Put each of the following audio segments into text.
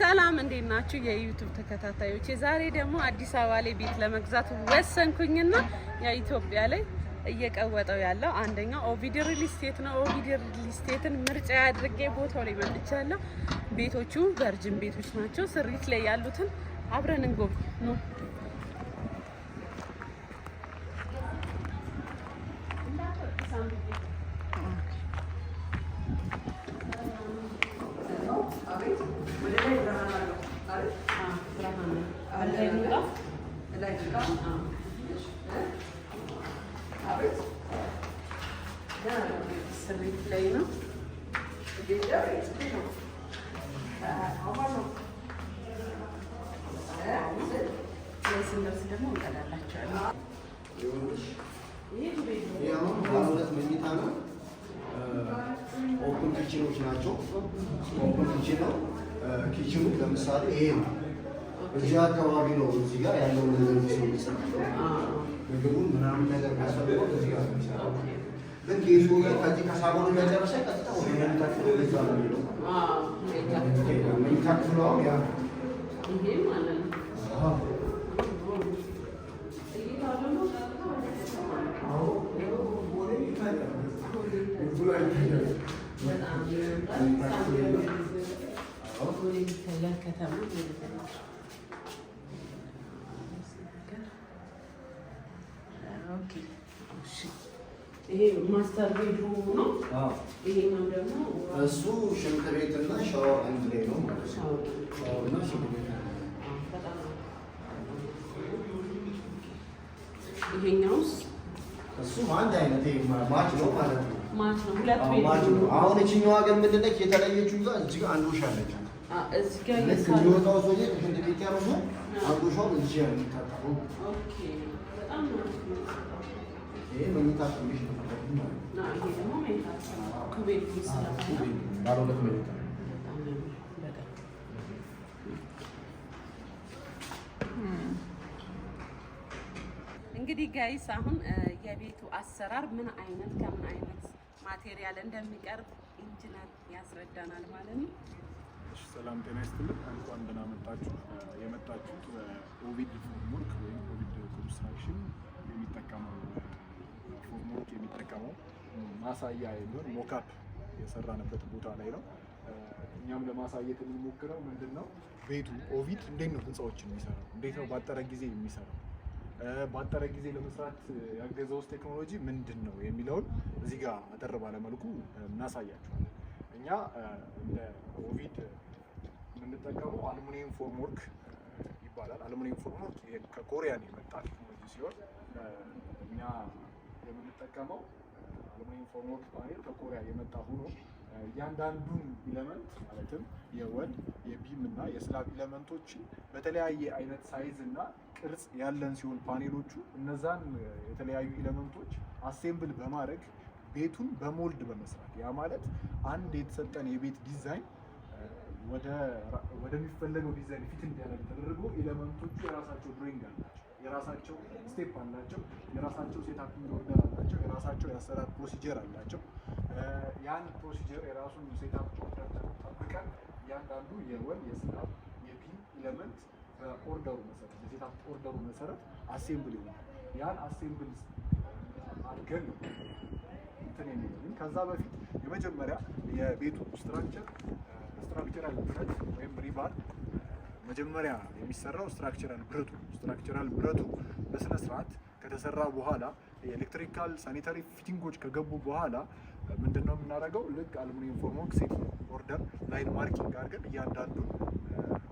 ሰላም እንዴት ናችሁ የዩቱብ ተከታታዮች? ዛሬ ደግሞ አዲስ አበባ ላይ ቤት ለመግዛት ወሰንኩኝና የኢትዮጵያ ላይ እየቀወጠው ያለው አንደኛው ኦቪዲ ሪል ስቴት ነው። ኦቪዲ ሪል ስቴትን ምርጫ ያድርጌ ቦታው ላይ መጥቻለሁ። ቤቶቹ ቨርጅን ቤቶች ናቸው። ስሪት ላይ ያሉትን አብረን እንጎብኝ ነው ስንደርስ ደግሞ እንቀዳላቸዋለን። ይህ አሁን መኝታ ነው። ኦፕን ኪችኖች ናቸው። ኦፕን ኪችን ነው። ኪችኑ ለምሳሌ ይሄ ነው። እዚህ አካባቢ ነው። እዚህ ጋር ያለውን ነገር ምግቡን ምናምን ነገር ያስፈልገው እዚህ ጋር ነው። ግን ቀጥታ ወደ መኝታ ክፍል ነው ከተማ ይሄ ማስተር ቤድሩም ነው። ይሄኛው ደግሞ እሱ ሽንት ቤት እና ሻወር አንድ ላይ ነው ማለት ነው። ሻወር ይሄኛውስ እሱ አንድ አይነት ማች ነው ማለት ነው። ማች ነው። ሁለት ቤት ነው። አሁን እችኛዋ ግን ምንድን ነች የተለየችው? እዛ እጅግ አንድ ውሻ አለች እንዲወጣው ሰውዬ ሽንት ቤት ያርጉ አጎሻው እዚህ ነው የሚታጠበው። መኝታ ትንሽ ባለ ሁለት መኝታ እንግዲህ ጋይስ አሁን የቤቱ አሰራር ምን አይነት ከምን አይነት ማቴሪያል እንደሚቀርብ ኢንጂነር ያስረዳናል ማለት ነው። ሰላም ጤና ይስጥልን። እንኳን ደህና መጣችሁ። የመጣችሁት በኦቪድ ፎርምወርክ ወይም ኦቪድ ኮንስትራክሽን የሚጠቀመው ፎርምወርክ የሚጠቀመው ማሳያ የሚሆን ሞካፕ የሰራንበት ቦታ ላይ ነው። እኛም ለማሳየት የምንሞክረው ምንድን ነው፣ ቤቱ ኦቪድ እንዴት ነው ህንፃዎችን የሚሰራው፣ እንዴት ነው ባጠረ ጊዜ የሚሰራው፣ ባጠረ ጊዜ ለመስራት ያገዘው ውስጥ ቴክኖሎጂ ምንድን ነው የሚለውን እዚህ ጋር አጠር ባለመልኩ እናሳያችኋለን። እኛ እንደ ኦቪድ የምንጠቀመው አልሙኒየም ፎርም ወርክ uh, ይባላል። አሉሚኒየም ፎርም ወርክ ከኮሪያን የመጣ ቴክኖሎጂ ሲሆን uh, እኛ የምንጠቀመው uh, አሉሚኒየም ፎርም ወርክ ፓኔል ከኮሪያ የመጣ ሆኖ እያንዳንዱን ኢለመንት ማለትም የወል የቢም እና የስላብ ኢለመንቶችን በተለያየ አይነት ሳይዝ እና ቅርጽ ያለን ሲሆን ፓኔሎቹ እነዛን የተለያዩ ኢለመንቶች አሴምብል በማድረግ ቤቱን በሞልድ በመስራት ያ ማለት አንድ የተሰጠን የቤት ዲዛይን ወደሚፈለገው ዲዛይን ፊት እንዲያደርግ ተደርጎ ኤለመንቶቹ የራሳቸው ብሬንግ አላቸው፣ የራሳቸው ስቴፕ አላቸው፣ የራሳቸው ሴታፒንግ ኦርደር አላቸው፣ የራሳቸው የአሰራር ፕሮሲጀር አላቸው። ያን ፕሮሲጀር የራሱን ሴታፕ ኦርደር ጠብቀን እያንዳንዱ የወል የስናብ የፒን ኤለመንት በኦርደሩ መሰረት በሴታፕ ኦርደሩ መሰረት አሴምብል ይሆናል። ያን አሴምብል አድርገን እንትን የሚለው ከዛ በፊት የመጀመሪያ የቤቱ ስትራክቸር ስትራክቸራል ብረት ወይም ሪባር መጀመሪያ የሚሰራው ስትራክቸራል ብረቱ ስትራክቸራል ብረቱ በስነ ስርዓት ከተሰራ በኋላ የኤሌክትሪካል ሳኒታሪ ፊቲንጎች ከገቡ በኋላ ምንድነው የምናደርገው? ልክ አልሙኒየም ፎርሞክሲድ ኦርደር ላይን ማርኪንግ አድርገን እያንዳንዱ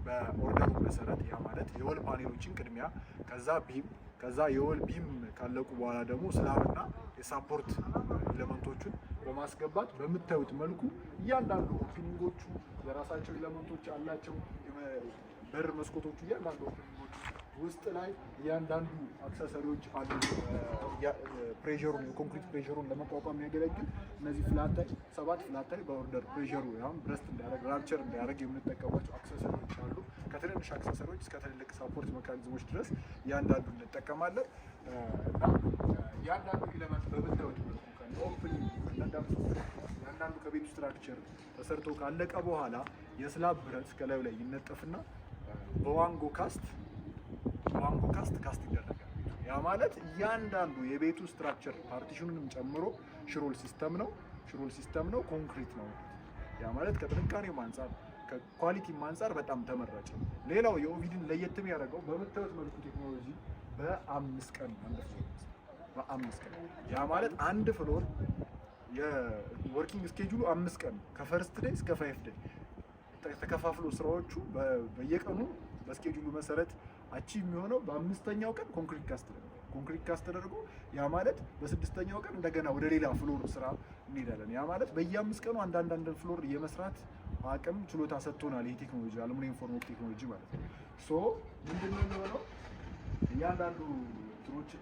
በኦርደሩ መሰረት ያ ማለት የወል ፓኔሎችን ቅድሚያ፣ ከዛ ቢም፣ ከዛ የወል ቢም ካለቁ በኋላ ደግሞ ስላብና የሳፖርት ኤሌመንቶቹን በማስገባት በምታዩት መልኩ እያንዳንዱ ኦፕኒንጎቹ የራሳቸው ኤለመንቶች አላቸው። በር መስኮቶቹ እያንዳንዱ ኦፕኒንጎቹ ውስጥ ላይ እያንዳንዱ አክሰሰሪዎች አሉ። ፕሬሩን የኮንክሪት ፕሬሩን ለመቋቋም የሚያገለግል እነዚህ ፍላታይ ሰባት ፍላታይ በኦርደር ፕሬሩ ያም ብረስት እንዲያደርግ ራፕቸር እንዲያደርግ የምንጠቀማቸው አክሰሰሪዎች አሉ። ከትንንሽ አክሰሰሪዎች እስከ ትልልቅ ሳፖርት መካኒዝሞች ድረስ እያንዳንዱ እንጠቀማለን እና እያንዳንዱ ኢለመንት በምታዩ ናቸው። ያንዳንዱ ከቤቱ ስትራክቸር ተሰርቶ ካለቀ በኋላ የስላብ ብረት ከላዩ ላይ ይነጠፍና በዋንጎ ካስት ዋንጎ ካስት ካስት ይደረጋል። ያ ማለት እያንዳንዱ የቤቱ ስትራክቸር ፓርቲሽኑንም ጨምሮ ሽሮል ሲስተም ነው። ሽሮል ሲስተም ነው፣ ኮንክሪት ነው። ያ ማለት ከጥንካሬም አንጻር ከኳሊቲም አንጻር በጣም ተመራጭ ነው። ሌላው የኦቪድን ለየት የሚያደርገው በምታዩት መልኩ ቴክኖሎጂ በአምስት ቀን በአምስት ቀን ያ ማለት አንድ ፍሎር የወርኪንግ ስኬጁሉ አምስት ቀን ከፈርስት ደይ እስከ ፋይፍ ደይ ተከፋፍሎ ስራዎቹ በየቀኑ በስኬጁሉ መሰረት አቺ የሚሆነው በአምስተኛው ቀን ኮንክሪት ካስት ተደርጎ ኮንክሪት ካስት ተደርጎ ያ ማለት በስድስተኛው ቀን እንደገና ወደ ሌላ ፍሎር ስራ እንሄዳለን። ያ ማለት በየአምስት ቀኑ አንድ አንድ ፍሎር የመስራት አቅም ችሎታ ሰጥቶናል። ይህ ቴክኖሎጂ አለሙኒየም ፎርም ቴክኖሎጂ ማለት ነው። ሶ ምንድነው የሚሆነው እያንዳንዱ ሰዎች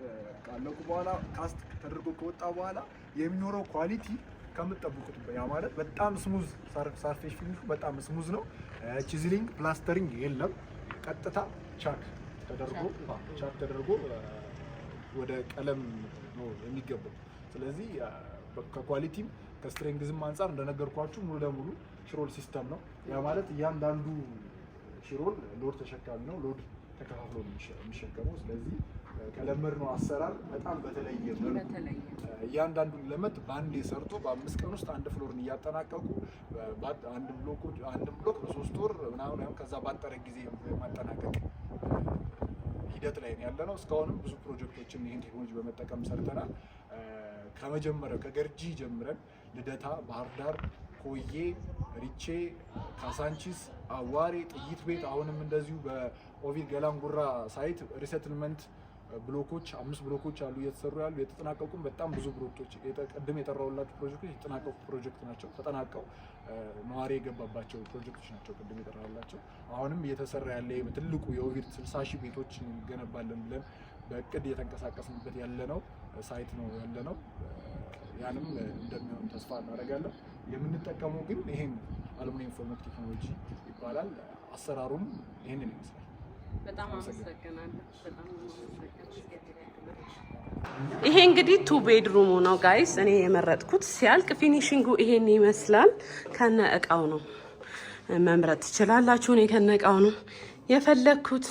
ካለቁ በኋላ ካስት ተደርጎ ከወጣ በኋላ የሚኖረው ኳሊቲ ከምትጠብቁት ያ ማለት በጣም ስሙዝ ሳርፌስ ፊኒሹ በጣም ስሙዝ ነው። ቺዝሊንግ ፕላስተሪንግ የለም። ቀጥታ ቻክ ተደርጎ ቻክ ተደርጎ ወደ ቀለም ነው የሚገባው። ስለዚህ ከኳሊቲም ከስትሬንግዝም አንጻር እንደነገርኳችሁ ሙሉ ለሙሉ ሽሮል ሲስተም ነው። ያ ማለት እያንዳንዱ ሽሮል ሎድ ተሸካሚ ነው። ሎድ ተከፋፍሎ የሚሸከመው ስለዚህ ከለመድነው አሰራር በጣም በተለየ መልኩ እያንዳንዱን ለመት በአንዴ ሰርቶ በአምስት ቀን ውስጥ አንድ ፍሎርን እያጠናቀቁ አንድ ብሎክ በሶስት ወር ምናምን ከዛ ባጠረ ጊዜ ማጠናቀቅ ሂደት ላይ ያለ ነው። እስካሁንም ብዙ ፕሮጀክቶችን ይህን ቴክኖሎጂ በመጠቀም ሰርተናል። ከመጀመሪያው ከገርጂ ጀምረን ልደታ፣ ባህር ዳር፣ ኮዬ፣ ሪቼ፣ ካሳንቺስ፣ አዋሬ፣ ጥይት ቤት አሁንም እንደዚሁ በኦቪድ ገላንጉራ ሳይት ሪሰትልመንት ብሎኮች አምስት ብሎኮች አሉ እየተሰሩ ያሉ የተጠናቀቁም በጣም ብዙ ብሎኮች ቅድም የጠራሁላችሁ ፕሮጀክቶች የተጠናቀቁ ፕሮጀክት ናቸው። ተጠናቀው ነዋሪ የገባባቸው ፕሮጀክቶች ናቸው ቅድም የጠራሁላቸው። አሁንም እየተሰራ ያለ ትልቁ የኦቪድ ስልሳ ሺህ ቤቶች እንገነባለን ብለን በእቅድ እየተንቀሳቀስንበት ያለነው ሳይት ነው ያለነው። ያንም እንደሚሆን ተስፋ እናደርጋለን። የምንጠቀመው ግን ይሄን አልሙኒየም ፎርመት ቴክኖሎጂ ይባላል። አሰራሩም ይህንን ይመስላል። ይሄ እንግዲህ ቱ ቤድሩሙ ነው ጋይስ፣ እኔ የመረጥኩት ሲያልቅ ፊኒሽንጉ ይሄን ይመስላል። ከነ እቃው ነው መምረጥ ትችላላችሁ። እኔ ከነ እቃው ነው የፈለግኩት።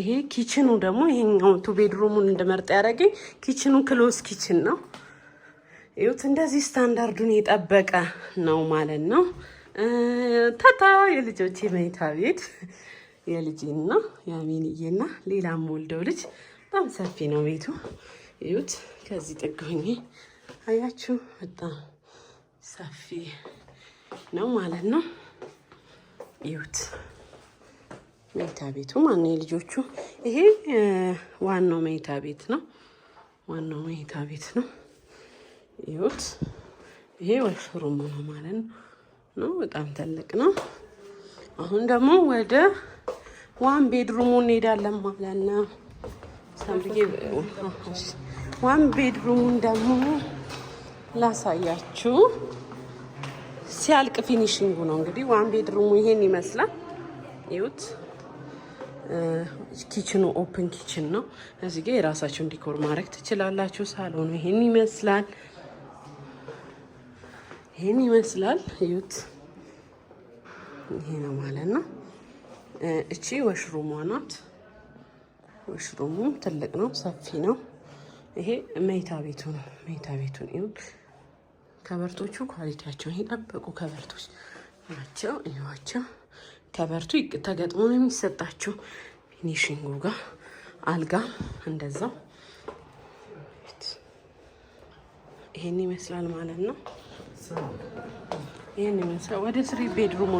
ይሄ ኪችኑ ደግሞ ይሄኛው ቱ ቤድሩሙን እንድመርጥ ያደረገኝ ኪችኑ ክሎዝ ኪችን ነው። ይሁት እንደዚህ ስታንዳርዱን የጠበቀ ነው ማለት ነው። ታታ የልጆቼ መኝታ ቤት የልጄና የአሜንዬና ሌላም ወልደው ልጅ በጣም ሰፊ ነው ቤቱ። እዩት። ከዚህ ጥግ ሆኜ አያችሁ፣ በጣም ሰፊ ነው ማለት ነው። እዩት መኝታ ቤቱ ማነው የልጆቹ። ይሄ ዋናው መኝታ ቤት ነው። ዋናው መኝታ ቤት ነው። እዩት። ይሄ ወሽሩም ነው ማለት ነው። በጣም ትልቅ ነው። አሁን ደግሞ ወደ ዋን ቤድሩሙ እንሄዳለን ማለት ነው። ዋን ቤድሩሙን ደግሞ ላሳያችሁ ሲያልቅ ፊኒሽንጉ ነው እንግዲህ። ዋን ቤድሩሙ ይሄን ይመስላል። ይሁት ኪችኑ ኦፕን ኪችን ነው። እዚህ ጋ የራሳችሁን ዲኮር ማድረግ ትችላላችሁ። ሳሎኑ ይሄን ይመስላል። ይሄን ይመስላል። ይሁት ይሄ ነው ማለት ነው። እቺ ወሽሩሟ ናት። ወሽሩሙም ትልቅ ነው፣ ሰፊ ነው። ይሄ መኝታ ቤቱ ነው። መኝታ ቤቱን ይሁን ከበርቶቹ ኳሊቲያቸውን የጠበቁ ከበርቶች ናቸው። ይዋቸው ከበርቱ ተገጥሞ ነው የሚሰጣቸው። ፊኒሽንጉ ጋር አልጋ እንደዛው ይሄን ይመስላል ማለት ነው። ይሄን ይመስላል ወደ ስሪ ቤድሩም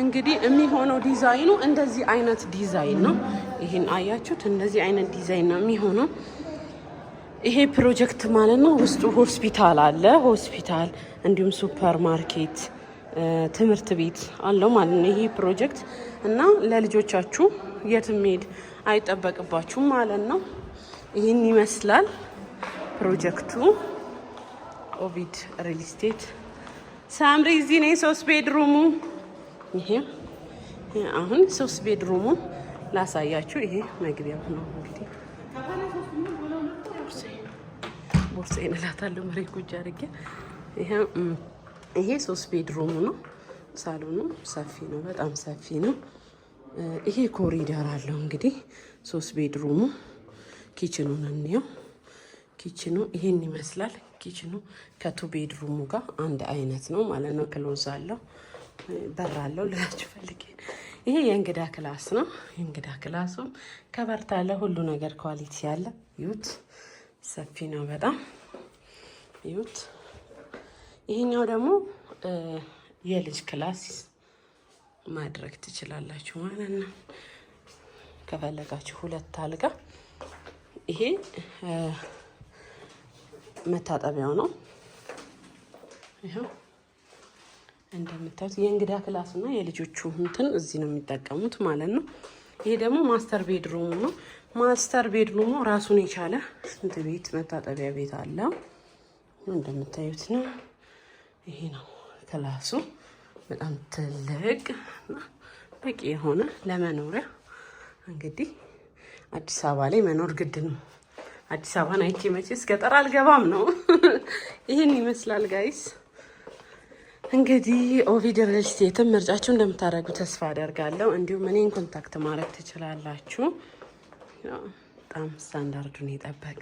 እንግዲህ የሚሆነው ዲዛይኑ እንደዚህ አይነት ዲዛይን ነው። ይሄን አያችሁት? እንደዚህ አይነት ዲዛይን ነው የሚሆነው ይሄ ፕሮጀክት ማለት ነው። ውስጡ ሆስፒታል አለ፣ ሆስፒታል እንዲሁም ሱፐር ማርኬት፣ ትምህርት ቤት አለው ማለት ነው ይሄ ፕሮጀክት እና ለልጆቻችሁ የት መሄድ አይጠበቅባችሁም ማለት ነው። ይህን ይመስላል ፕሮጀክቱ። ኦቪድ ሪል ስቴት ሳምሪ እዚህ ነው ቤድሩሙ ይሄ አሁን ሶስት ቤድሩሙ ላሳያችሁ። ይሄ መግቢያው ነው እንግዲህ ቦርሳዬን እላታለሁ ጉጅ አድርጌ። ይሄ ሶስት ቤድሩሙ ነው። ሳሎኑ ሰፊ ነው፣ በጣም ሰፊ ነው። ይሄ ኮሪደር አለው እንግዲህ ሶስት ቤድሩሙ። ኪችኑን እንየው። ኪችኑ ይሄን ይመስላል። ኪችኑ ከቱ ቤድሩሙ ጋር አንድ አይነት ነው ማለት ነው። ክሎዝ አለው በራለው አለው ልላችሁ ፈልጌ። ይሄ የእንግዳ ክላስ ነው። የእንግዳ ክላሱም ከበርት ያለ ሁሉ ነገር ኳሊቲ ያለ ዩት ሰፊ ነው በጣም ዩት። ይሄኛው ደግሞ የልጅ ክላስ ማድረግ ትችላላችሁ ማለት ነው። ከፈለጋችሁ ሁለት አልጋ ይሄ መታጠቢያው ነው። እንደምታዩት የእንግዳ ክላስ እና የልጆቹ እንትን እዚህ ነው የሚጠቀሙት ማለት ነው። ይሄ ደግሞ ማስተር ቤድሩሙ ነው። ማስተር ቤድሩሙ ራሱን የቻለ ሽንት ቤት፣ መታጠቢያ ቤት አለው። እንደምታዩት ነው። ይሄ ነው ክላሱ። በጣም ትልቅ በቂ የሆነ ለመኖሪያ እንግዲህ አዲስ አበባ ላይ መኖር ግድ ነው። አዲስ አበባን አይቼ መቼስ ገጠር አልገባም ነው። ይህን ይመስላል ጋይስ። እንግዲህ ኦቪድ ሪል ስቴትን ምርጫችሁ እንደምታደርጉ ተስፋ አደርጋለሁ። እንዲሁም እኔን ኮንታክት ማድረግ ትችላላችሁ። በጣም ስታንዳርዱን የጠበቀ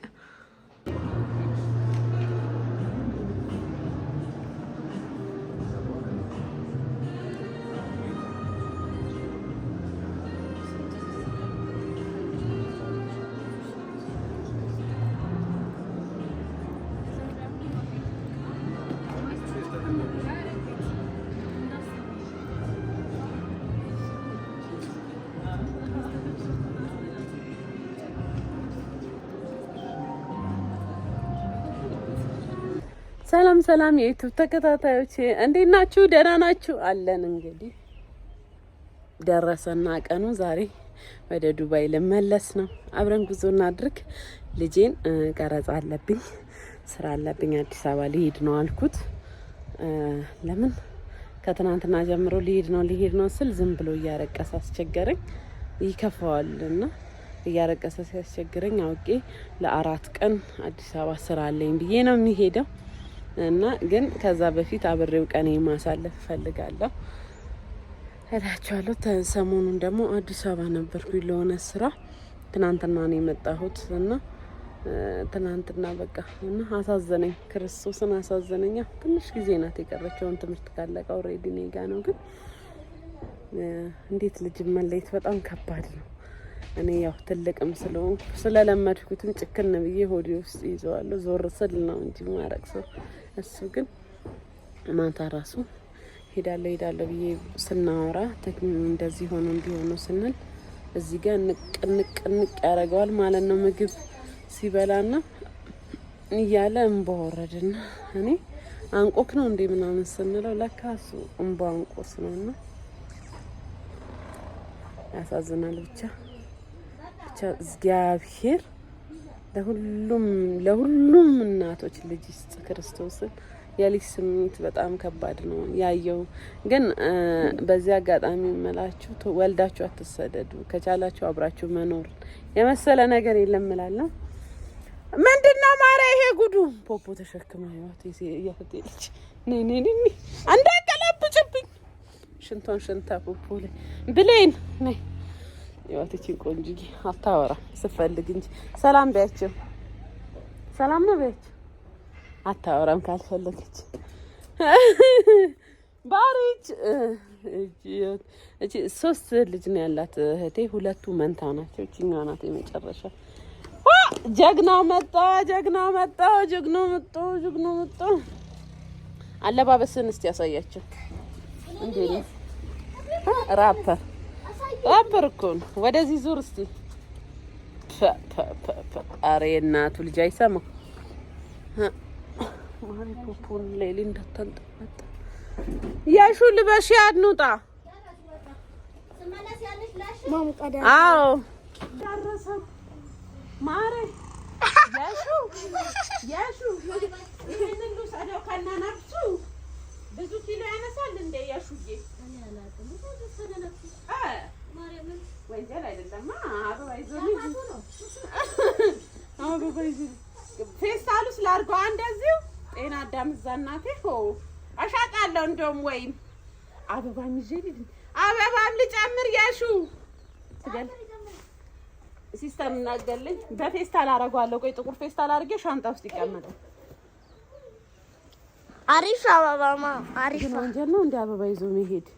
ሰላም ሰላም የዩቱብ ተከታታዮች እንዴት ናችሁ? ደህና ናችሁ? አለን እንግዲህ ደረሰና ቀኑ ዛሬ ወደ ዱባይ ልመለስ ነው። አብረን ጉዞ እናድርግ። ልጄን ቀረጻ አለብኝ፣ ስራ አለብኝ። አዲስ አበባ ሊሄድ ነው አልኩት። ለምን ከትናንትና ጀምሮ ሊሄድ ነው ሊሄድ ነው ስል ዝም ብሎ እያረቀሰ አስቸገረኝ። ይከፋዋል እና እያረቀሰ ሲያስቸግረኝ አውቄ ለአራት ቀን አዲስ አበባ ስራ አለኝ ብዬ ነው የሚሄደው እና ግን ከዛ በፊት አብሬው ቀኔ ማሳለፍ እፈልጋለሁ እላችኋለሁ። ሰሞኑን ደግሞ አዲስ አበባ ነበርኩኝ ለሆነ ስራ። ትናንትና ነው የመጣሁት እና ትናንትና በቃ እና አሳዘነኝ፣ ክርስቶስን አሳዘነኛ። ትንሽ ጊዜ ናት የቀረችውን ትምህርት ካለቀ ኦልሬዲ እኔ ጋ ነው። ግን እንዴት ልጅ መለየት በጣም ከባድ ነው። እኔ ያው ትልቅም ስለሆንኩ ስለለመድኩትም ጭክን ብዬ ሆዴ ውስጥ ይዘዋለሁ። ዞር ስል ነው እንጂ ማረቅ ሰው እሱ ግን ማታ ራሱ ሄዳለሁ ሄዳለሁ ብዬ ስናወራ እንደዚህ ሆኖ እንዲሆኑ ስንል እዚህ ጋር ንቅ ንቅ ንቅ ያደርገዋል ማለት ነው። ምግብ ሲበላና እያለ እንባ ወረድና እኔ አንቆክ ነው እንዴ ምናምን ስንለው ለካ እሱ አንቆስ ነውና ያሳዝናል ብቻ ብቻ እግዚአብሔር ለሁሉም ለሁሉም እናቶች ልጅ ይስጥ ክርስቶስን። የልጅ ስሜት በጣም ከባድ ነው ያየው። ግን በዚህ አጋጣሚ መላችሁ ወልዳችሁ አትሰደዱ፣ ከቻላችሁ አብራችሁ መኖር የመሰለ ነገር የለም እላለሁ። ምንድን ነው ማርያም ይሄ ጉዱ ፖፖ ተሸክማ ልጅ እያፈጤለች ኔኔኔ እንዳቀላብጭብኝ ሽንቷን ሽንታ ፖፖ ላይ ብሌን ይወትቺን ቆንጆዬ አታወራ ስፈልግ እንጂ ሰላም ቢያቸው ሰላም ነው ቢያቸው አታወራም ካልፈለገች ባሪች እቺ ሶስት ልጅ ነው ያላት እህቴ። ሁለቱ መንታ ናቸው። እቺኛዋ ናት የመጨረሻ። ጀግናው መጣ፣ ጀግናው መጣ፣ ጀግናው መጣ፣ ጀግናው መጣ። አለባበስን እስቲ ያሳያቸው እንዴ! ራፐር ፓምፐር ወደዚህ ዙር እስቲ። ኧረ የእናቱ ልጅ አይሰማው ማሪ ፖፖን ሌሊ እንዳታንጠባጠ ያሹ ልበሽ ያድኑጣ አዎ ማሪ ያሹ ያሹ ይሄንን እናቴ አሻቃለሁ። እንደውም ወይም አበባም ይዤ አበባም ልጨምር የሹ ሲስተም እናገልኝ በፌስታል አደርገዋለሁ። ቆይ ጥቁር ፌስታል አድርጌ ሻንጣ ውስጥ ይቀመጣል። አሪፍ አበባማ አሪፍ ነው። ወንጀል ነው እንደ አበባ ይዞ መሄድ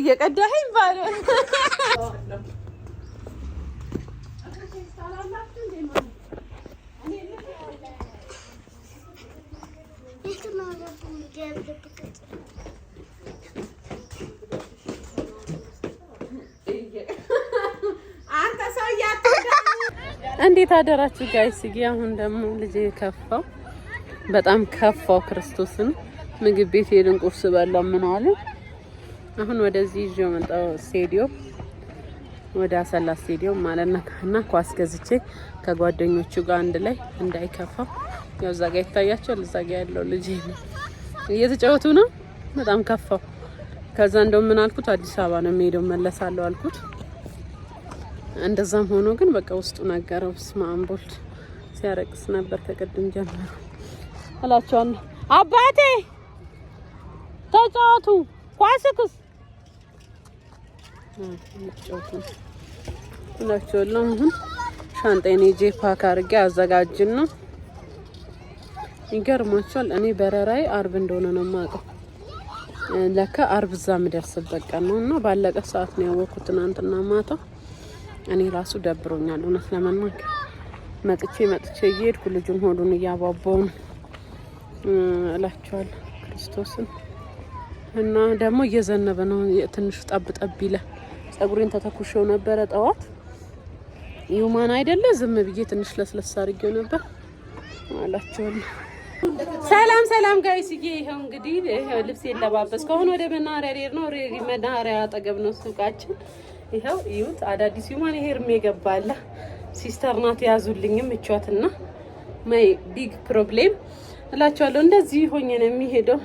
እየቀዳኸኝ ባለ እንዴት አደራችሁ ጋይስ? አሁን ደግሞ ልጄ ከፋው፣ በጣም ከፋው። ክርስቶስን ምግብ ቤት ሄድን፣ ቁርስ በላው፣ ምን አለ። አሁን ወደዚህ ይዤው መጣሁ ስቴዲዮም፣ ወደ አሰላ ስቴዲዮም ማለት ነው። እና ኳስ ገዝቼ ከጓደኞቹ ጋር አንድ ላይ እንዳይከፋው፣ ያው እዛ ጋ ይታያቸዋል፣ እዛ ያለው ልጄ ነው እየተጫወቱ ነው። በጣም ከፋው። ከዛ እንደው ምን አልኩት አዲስ አበባ ነው የሚሄደው መለሳለሁ አልኩት። እንደዛም ሆኖ ግን በቃ ውስጡ ነገረው። ስማ ሲያረቅስ ነበር ከቅድም ጀምሮ እላቸዋለሁ። አባቴ ተጫወቱ፣ ኳስክስ ተጫወቱ እላቸዋለሁ። አሁን ሻንጣዬን ይዤ አድርጌ አዘጋጅን ነው ይገርማቸዋል። እኔ በረራይ አርብ እንደሆነ ነው የማውቀው። ለካ አርብ እዛ የምደርስበት ቀን ነው እና ባለቀ ሰዓት ነው ያወቅኩት ትናንትና ማታ። እኔ ራሱ ደብሮኛል እውነት ለመናገር መጥቼ መጥቼ እየሄድኩ ልጁን ሆዱን እያባባውን እላቸዋለሁ ክርስቶስን እና ደግሞ እየዘነበ ነው ትንሹ ጠብ ጠብ ይለ ጸጉሬን ተተኩሸው ነበረ ጠዋት ይሁማን አይደለ ዝም ብዬ ትንሽ ለስለስ አድርጌው ነበር አላቸዋል። ሰላም ሰላም ጋይስዬ፣ ይኸው እንግዲህ ይኸው ልብስ የለባበስ ከሆነ ወደ መናኸሪያ ልሄድ ነው። መናኸሪያ አጠገብ ነው ሱቃችን። ይኸው እዩት፣ አዳዲስ ሂውማን ሄር የገባለ ሲስተር ናት የያዙልኝም እቿትና ማይ ቢግ ፕሮብሌም እላቸዋለሁ። እንደዚህ ሆኜ ነው የሚሄደው።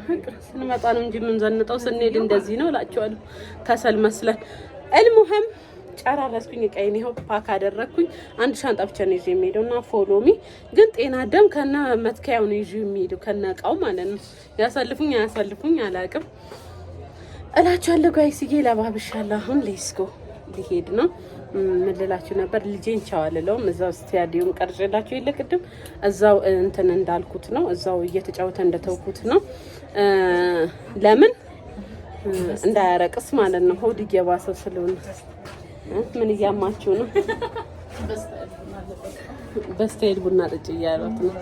ስንመጣ ነው እንጂ የምንዘንጠው፣ ስንሄድ እንደዚህ ነው እላቸዋለሁ። ከሰል መስለን እልሙህም ጨራረስኩኝ። እቃዬን ይኸው ፓክ አደረግኩኝ። አንድ ሻንጣ ብቻ ነው ይዤ የሚሄደው እና ፎሎሚ ግን ጤና ደም ከነ መትከያው ነው ይዤ የሚሄደው ከነ እቃው ማለት ነው። ያሳልፉኝ አያሳልፉኝ አላውቅም እላችኋለሁ። ጋይስዬ ለባብሻለሁ። አሁን ሌስኮ ሊሄድ ነው። ምን ነበር? ልጄን ቻው እዛው ስታዲየም ቀርጬላችሁ የለ ቅድም እዛው እንትን እንዳልኩት ነው። እዛው እየተጫወተ እንደተውኩት ነው። ለምን እንዳያረቅስ ማለት ነው። ሆድ እየባሰው ስለሆነ ምን እያማችሁ ነው? በስተሄድ ቡና ጥጭ እያሏት ነው።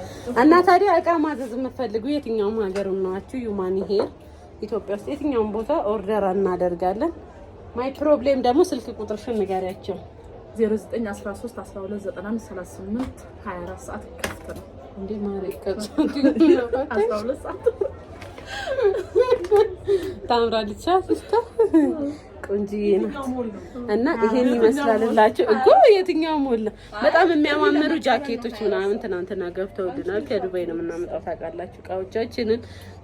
እና ታዲያ እቃ ማዘዝ የምትፈልጉ የትኛውም ሀገር ናችሁ፣ ዩማን ሄር ኢትዮጵያ ውስጥ የትኛውም ቦታ ኦርደር እናደርጋለን። ማይ ፕሮብሌም ደግሞ ስልክ ቁጥርሽን ንገሪያቸው 0913129538 24 ሰዓት ክፍት ነው። እንዴ ማሪ ታምራለች። ቆንጅዬ ናት እና ይሄን ይመስላልላቸው እኮ የትኛው ሞል በጣም የሚያማምሩ ጃኬቶች ምናምን ትናንትና ገብተውልናል። ከዱባይ ነው የምናመጣው ታውቃላችሁ። እቃዎቻችንን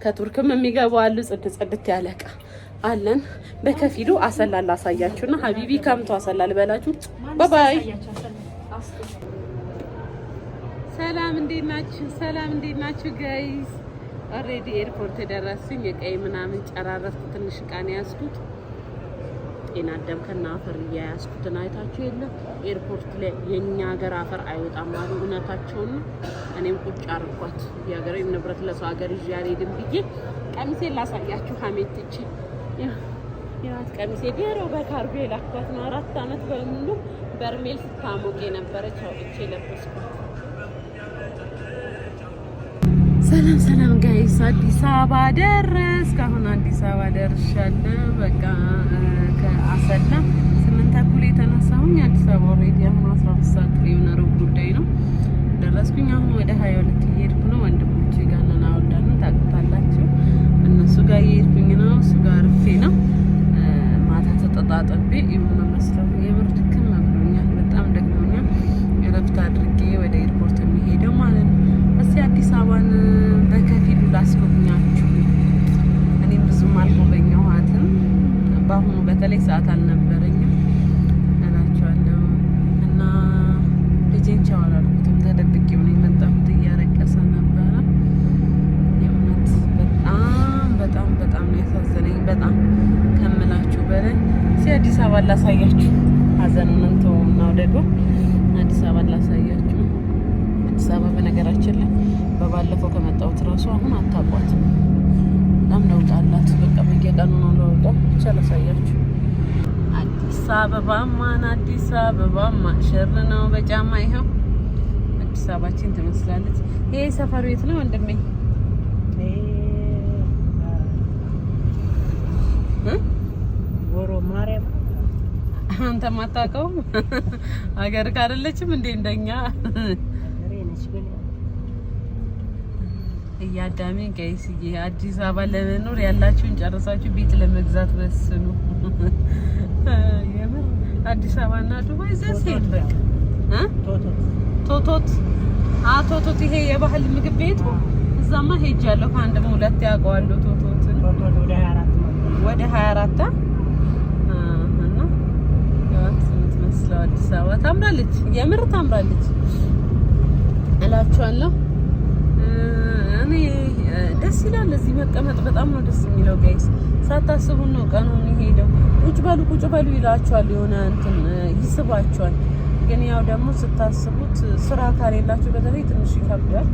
ከቱርክም የሚገቡ አሉ። ጽድ ጽድት ያለ እቃ አለን። በከፊሉ አሰላል አሳያችሁና ሀቢቢ ከምቶ አሰላል በላችሁ። ባባይ ሰላም እንዴት ናችሁ? ሰላም እንዴት ናችሁ ጋይዝ? ኦልሬዲ ኤርፖርት የደረስኩኝ የቀይ ምናምን ጨራረስኩ። ትንሽ እቃ ነው ያዝኩት። አዳም ከና አፈር እያያዝኩትን አይታችሁ የለ ኤርፖርት ላይ የእኛ ሀገር አፈር አይወጣም አሉ። እውነታቸውን እኔም ቁጭ አርኳት የሀገሬን ንብረት ለሰው ሀገር ይዤ አልሄድም ብዬ ቀሚሴ ላሳያችሁ ሀሜት ትቼ ያት ቀሚሴ ዴሮ በካርጎ የላኳት ነው። አራት አመት በሙሉ በርሜል ስታሞቅ የነበረች አውጥቼ ለበስኩት። ሰላም ጋይስ አዲስ አበባ ደረስኩ። አሁን አዲስ አበባ ደርሻለሁ። በቃ ከአሰላ ስምንት ተኩል የተነሳሁኝ አዲስ አበባ ኦልሬዲ አሁን አስራ ሁለት ሰዓት የሆነ ሩብ ጉዳይ ነው ደረስኩኝ። አሁን ወደ ሀያ ሁለት እየሄድኩ ነው። ወንድሞቼ ጋር ነን አወዳነ ታውቁታላችሁ። እነሱ ጋር እየሄድኩኝ ነው። እሱ ጋር አርፌ ነው ማታ ተጠጣጠቤ የሆነ መስለው የብር ድክም ብሎኛል። በጣም ደግሞኛል። እረፍት አድርጌ በተለይ ሰዓት አልነበረኝም። አበባማን አዲስ አበባማ ሸር ነው በጫማ ይኸው አዲስ አበባችን ትመስላለች። ይሄ ሰፈር ቤት ነው ወንድሜ? አንተ ማታውቀውም ሀገር ካደለችም እንዴ እንደኛ እያዳሜ ቀይስዬ አዲስ አበባ ለመኖር ያላችሁን ጨርሳችሁ ቤት ለመግዛት ወስኑ። አዲስ አበባ እና ዱባይ ዘሴ ይልበቅ ቶቶት ቶቶት፣ ይሄ የባህል ምግብ ቤት እዛማ ሄጃለሁ። ከአንድም ሁለት ያውቀዋለሁ። ቶቶትን ወደ 24 እና የምትመስለው አዲስ አበባ ታምራለች፣ የምር ታምራለች እላችኋለሁ። እኔ ደስ ይላል እዚህ መቀመጥ በጣም ነው ደስ የሚለው። ጋይስ ሳታስቡ ነው ቀኑ የሚሄደው። ቁጭ በሉ ቁጭ በሉ ይላችኋል፣ የሆነ እንትን ይስባችኋል። ግን ያው ደግሞ ስታስቡት ስራ ካሌላችሁ በተለይ ትንሽ ይከብዳል።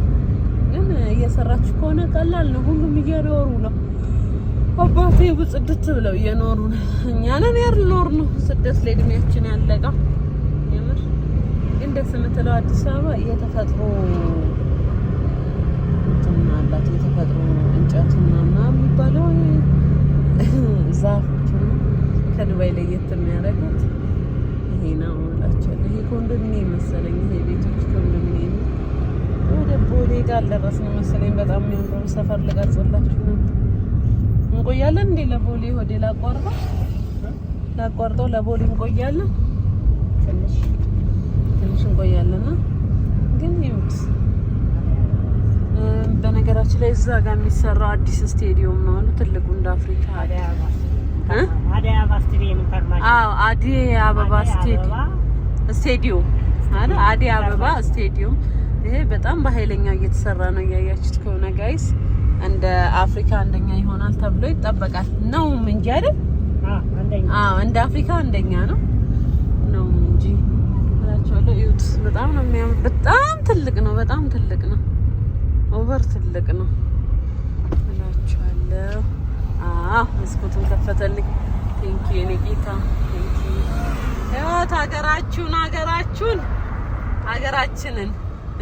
ግን እየሰራችሁ ከሆነ ቀላል ነው። ሁሉም እየኖሩ ነው። አባቴ ጽድት ብለው እየኖሩ ነው። እኛ ያልኖር ነው ስደት ላይ እድሜያችን ያለቀ። ግን ደስ የምትለው አዲስ አበባ የተፈጥሮ አላት። የተፈጥሮ እንጨትና ና የሚባለው ዛፎች ከዱባይ ለየት የሚያደርጉት ይሄ ነው እላቸዋለሁ። ይሄ ኮንዶሚኒየም መሰለኝ፣ ይሄ ቤቶች ኮንዶሚኒየም። ወደ ቦሌ ጋር አልደረስንም መሰለኝ። በጣም የሚያምረው ሰፈር ልቀርጽላችሁ ነው። እንቆያለን እንዴ? ለቦሌ ወደ ላቋርጦ ላቋርጦ ለቦሌ እንቆያለን። ትንሽ ትንሽ እንቆያለና ግን ይሙት በነገራችን ላይ እዛ ጋር የሚሰራ አዲስ ስቴዲየም ነው አሉ። ትልቁ እንደ አፍሪካ አደይ አበባ ስቴዲየም አለ። አደይ አበባ ስቴዲየም ይሄ በጣም በኃይለኛው እየተሰራ ነው። እያያችሁት ከሆነ ጋይስ እንደ አፍሪካ አንደኛ ይሆናል ተብሎ ይጠበቃል። ነው እንጂ አይደል? አዎ እንደ አፍሪካ አንደኛ ነው ነው እንጂ እላቸዋለሁ። እዩት፣ በጣም ነው የሚያምር። በጣም ትልቅ ነው። በጣም ትልቅ ነው። ኦቨር ትልቅ ነው እላችኋለሁ። አዎ መስኮቱን ከፈተልኝ። ቴንኪ የኔ ጌታ ቴንኪ። ህይወት ሀገራችሁን ሀገራችሁን ሀገራችንን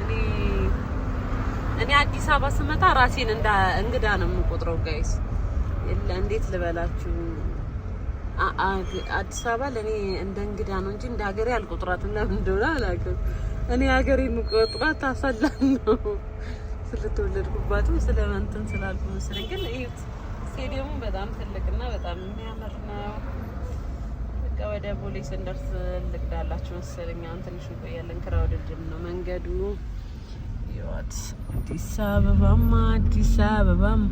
እኔ እኔ አዲስ አበባ ስመጣ ራሴን እንደ እንግዳ ነው የምቆጥረው። ጋይስ እንዴት ልበላችሁ፣ አዲስ አበባ ለእኔ እንደ እንግዳ ነው እንጂ እንደ ሀገሬ አልቆጥራትም። ለምን እንደሆነ አላውቅም። እኔ ሀገሬ ሙቀጥራት አሳላን ነው ስለተወለድኩባትም ስለመንትን ስላልኩ መሰለኝ። ግን እዩት፣ ስቴዲየሙ በጣም ትልቅና በጣም የሚያምር ነው። በቃ ወደ ቦሌ ስንደርስ ልቅዳላችሁ መሰለኝ። አሁን ትንሽ እንቆያለን። ክራውድ ነው መንገዱ። ይወት አዲስ አበባማ አዲስ አበባም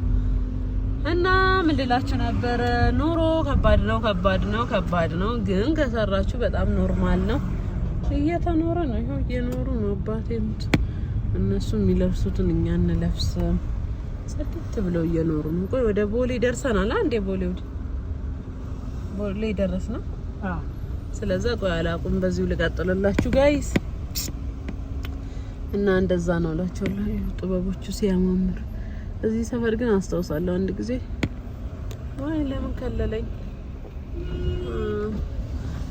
እና ምን ልላችሁ ነበረ? ኑሮ ከባድ ነው፣ ከባድ ነው፣ ከባድ ነው። ግን ከሰራችሁ በጣም ኖርማል ነው። እየተኖረ ነው። ይኸው እየኖሩ ነው። ሙት እነሱ የሚለብሱትን እኛ እንለብስም። ጽድት ብለው እየኖሩ ነው። ቆይ ወደ ቦሌ ደርሰናል። አንዴ ቦሌ ወደ ቦሌ ደረስ ነው። ስለዛ ቆይ አላቁም። በዚሁ ልቀጥልላችሁ ጋይስ እና እንደዛ ነው እላቸዋለሁ። ጥበቦቹ ሲያማምር እዚህ ሰፈር ግን አስታውሳለሁ አንድ ጊዜ ወይ ለምን ከለለኝ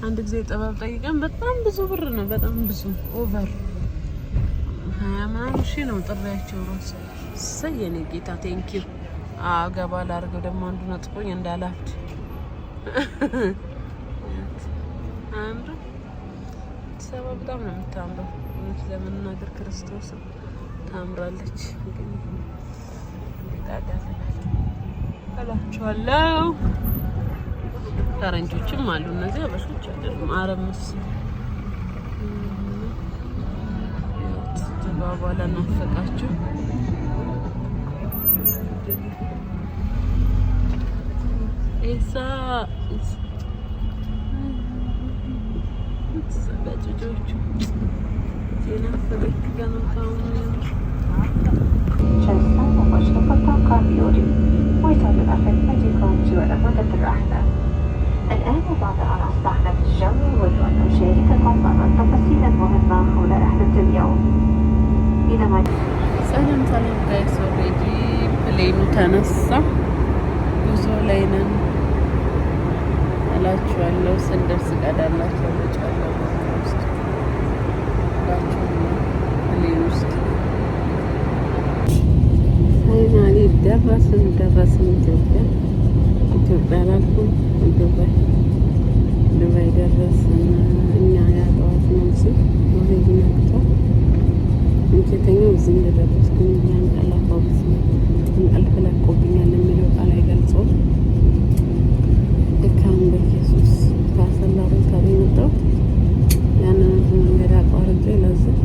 አንድ ጊዜ ጥበብ ጠይቀን በጣም ብዙ ብር ነው። በጣም ብዙ ኦቨር ሀያ ምናምን ሺ ነው ጥሪያቸው ራሱ። ሰየኔ ጌታ ቴንኪ አገባ ላድርገው ደግሞ አንዱ ነጥቆኝ እንዳላፍድ አንዱ ሰባ በጣም ነው የምታምረው። እውነት ለመናገር ክርስቶስ ታምራለች። ጌጣ እላችኋለሁ ፈረንጆችም አሉ። እነዚህ አበሾች አይደሉም። አረምስ ድባቧ ለናፈቃችሁ ኢሳ በጭጆቹ የናፈቀች Çarşıdan başka bakan kamyonu. Oysa bir afet acı kalıcı olarak da الآن بعد أن أصبحنا في الجو أود أن أشارككم بعض التفاصيل المهمة حول رحلة اليوم إلى سهلا سهلا جايز اوريدي بليኑ ተነሳ ጉዞ ላይ ነን እላችኋለሁ። ስንደርስ ቀዳላቸው ልጫለው ውስጥ ፕሌን ውስጥ ፋይናሊ ደረስን ደረስን ኢትዮጵያ ኢትዮጵያ ላልኩም ዱባይ ዱባይ ደረስ እኛ ያጠዋት ነው ሲ ወሬድ ነግቷል። እዚህ እንደደረስኩኝ ያንቀላፋው እንቅልፍ ለቆብኛል የሚለው ቃል አይገልጸውም። ድካም በኢየሱስ ካሰላ ቦታ ላይ ያንን መንገድ አቋርጬ ለዚህ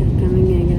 ደካመኛ